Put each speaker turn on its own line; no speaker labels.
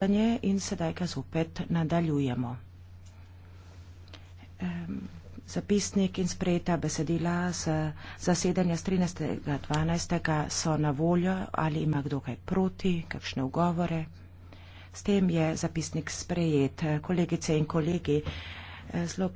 gledanje in sedaj ga zopet nadaljujemo. Um, zapisnik in sprejeta besedila z zasedanja z 13.12. so na voljo ali ima kdo kaj proti, kakšne ugovore. S tem je zapisnik sprejet. Kolegice in kolegi, eh, zelo